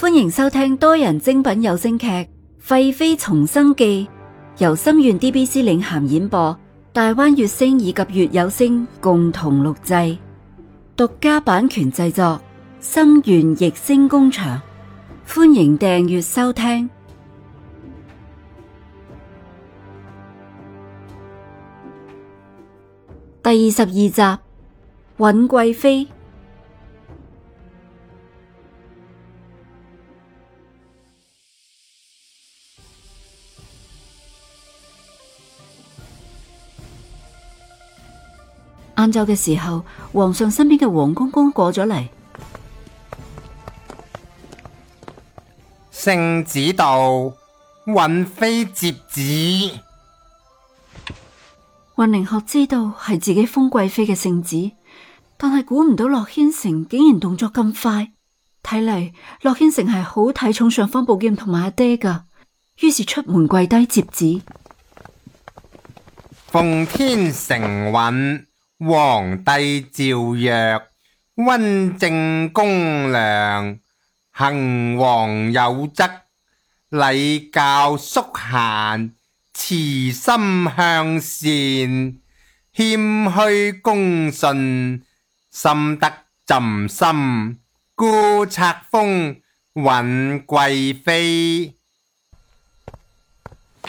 歡迎收聽多人精品有聲劇《廢妃重生記》，由心願 D B C 領銜演播，大灣月星以及月有聲共同錄製，獨家版權製作，心願逸星工場。歡迎訂閱收聽第二十二集《尹貴妃》。晏晝嘅時候，皇上身邊嘅黃公公過咗嚟，聖旨到，允妃接旨。雲寧學知道係自己封貴妃嘅聖旨，但係估唔到洛軒成竟然動作咁快，睇嚟，洛軒成係好睇重上方寶劍同埋阿爹㗎，於是出門跪低接旨。奉天承運，皇帝詔曰：溫正公良，行王有則；禮教肅嫻，慈心向善，謙虛恭順，甚得朕心。故冊封尹貴妃。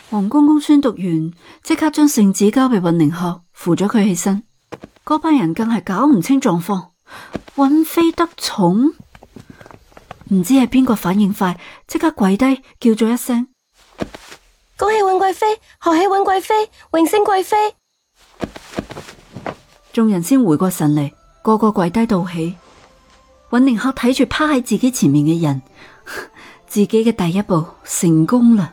王公公宣讀完，即刻將聖旨交俾尹寧後，扶咗佢起身。嗰班人更係搞唔清狀況，尹妃得寵，唔知係邊個反應快，即刻跪低叫咗一聲：恭喜尹貴妃，賀喜尹貴妃，榮升貴妃。眾人先回過神嚟，個個跪低道喜。尹寧克睇住趴喺自己前面嘅人，自己嘅第一步成功啦！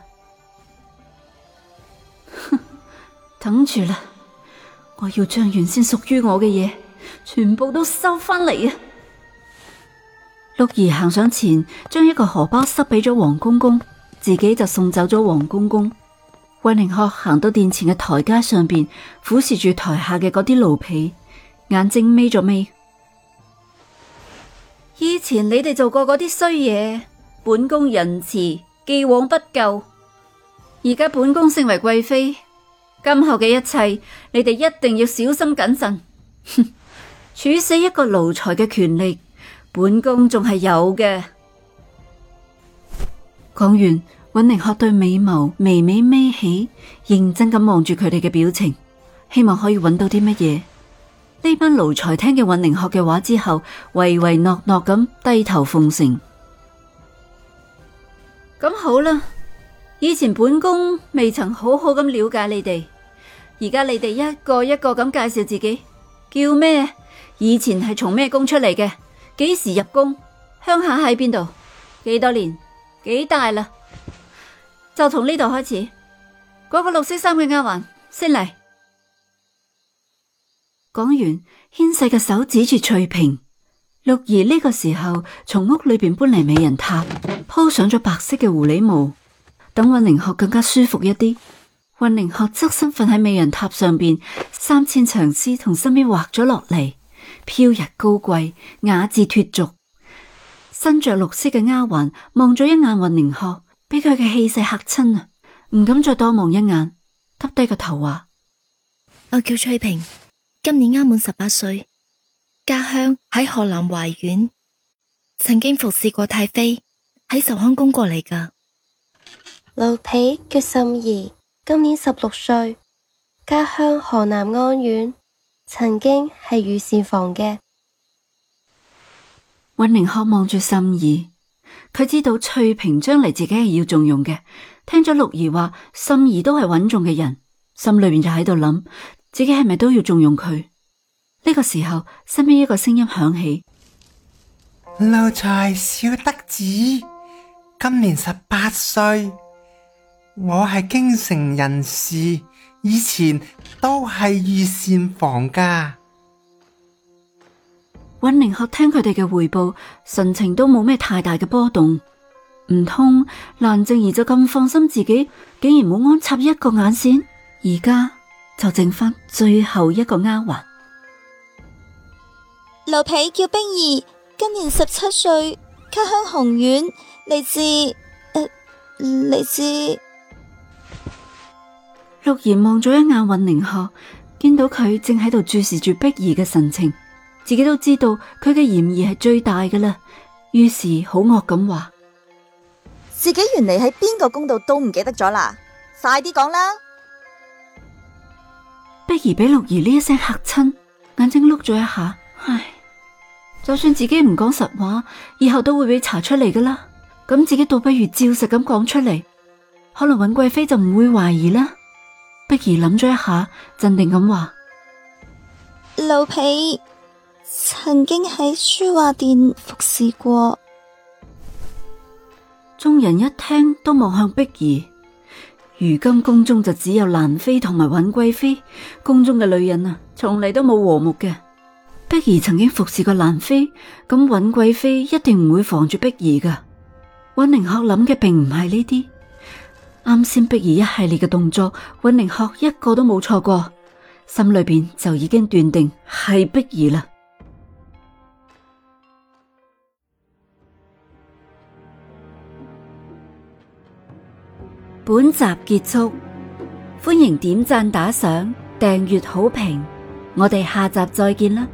哼，等住啦。我要將原先屬於我嘅嘢全部都收翻嚟啊！六兒行上前，將一個荷包塞俾咗黃公公，自己就送走咗黃公公。魏寧鶴行到殿前嘅台階上邊，俯視住台下嘅嗰啲奴婢，眼睛眯咗眯。以前你哋做過嗰啲衰嘢，本宮仁慈，既往不咎。而家本宮成為貴妃。今後嘅一切，你哋一定要小心謹慎。哼， 處死一個奴才嘅權力，本宮仲係有嘅。講完，尹寧鶴對美眸微微眯起，認真咁望住佢哋嘅表情，希望可以揾到啲乜嘢。呢班奴才聽嘅尹寧鶴嘅話之後，唯唯諾諾咁低頭奉承。咁、嗯、好啦。以前本宮未曾好好咁了解你哋，而家你哋一個一個咁介紹自己，叫咩？以前係從咩宮出嚟嘅？幾時入宮？鄉下喺邊度？幾多年？幾大啦？就從呢度開始，嗰個綠色衫嘅丫鬟先嚟。講完，纖細嘅手指住翠屏。六兒呢個時候從屋裏邊搬嚟美人榻，鋪上咗白色嘅狐狸毛。等運靈鶴更加舒服一啲，運靈鶴側身瞓喺美人榻上邊，三千長絲同身邊滑咗落嚟，飄逸高貴，雅致脫俗。身着綠色嘅丫鬟望咗一眼運靈鶴，俾佢嘅氣勢嚇親啊，唔敢再多望一眼，耷低個頭話：我叫翠萍，今年啱滿十八歲，家鄉喺河南懷縣，曾經服侍過太妃喺壽康宮過嚟噶。奴婢叫心怡，今年十六歲，家鄉河南安縣，曾經係御膳房嘅。溫寧看望住心怡，佢知道翠平將嚟自己係要重用嘅，聽咗六兒話，心怡都係穩重嘅人，心裏面就喺度諗，自己係咪都要重用佢？呢、這個時候，身邊一個聲音響起：奴才小德子，今年十八歲。我係京城人士，以前都係御膳房家。溫寧客聽佢哋嘅匯報，神情都冇咩太大嘅波動。唔通蘭靜兒就咁放心自己，竟然冇安插一個眼線？而家就剩翻最後一個丫鬟。奴婢叫冰兒，今年十七歲，家鄉紅縣，嚟自，嚟自。呃六兒望咗一眼尹寧夏，見到佢正喺度注視住碧兒嘅神情，自己都知道佢嘅嫌疑係最大噶啦，於是好惡咁話：自己原嚟喺邊個宮度都唔記得咗啦，快啲講啦！碧兒俾六兒呢一聲嚇親，眼睛碌咗一下，唉，就算自己唔講實話，以後都會俾查出嚟噶啦，咁自己倒不如照實咁講出嚟，可能尹貴妃就唔會懷疑啦。碧兒諗咗一下，鎮定咁話：老婢曾經喺書畫殿服侍過。眾人一聽，都望向碧兒。如今宮中就只有蘭妃同埋尹貴妃，宮中嘅女人啊，從嚟都冇和睦嘅。碧兒曾經服侍過蘭妃，咁尹貴妃一定唔會防住碧兒噶。尹寧鶴諗嘅並唔係呢啲。啱先，碧兒一系列嘅動作，尹凌學一個都冇錯過，心裏邊就已經斷定係碧兒啦。本集結束，歡迎點讚、打賞、訂閱、好評，我哋下集再見啦。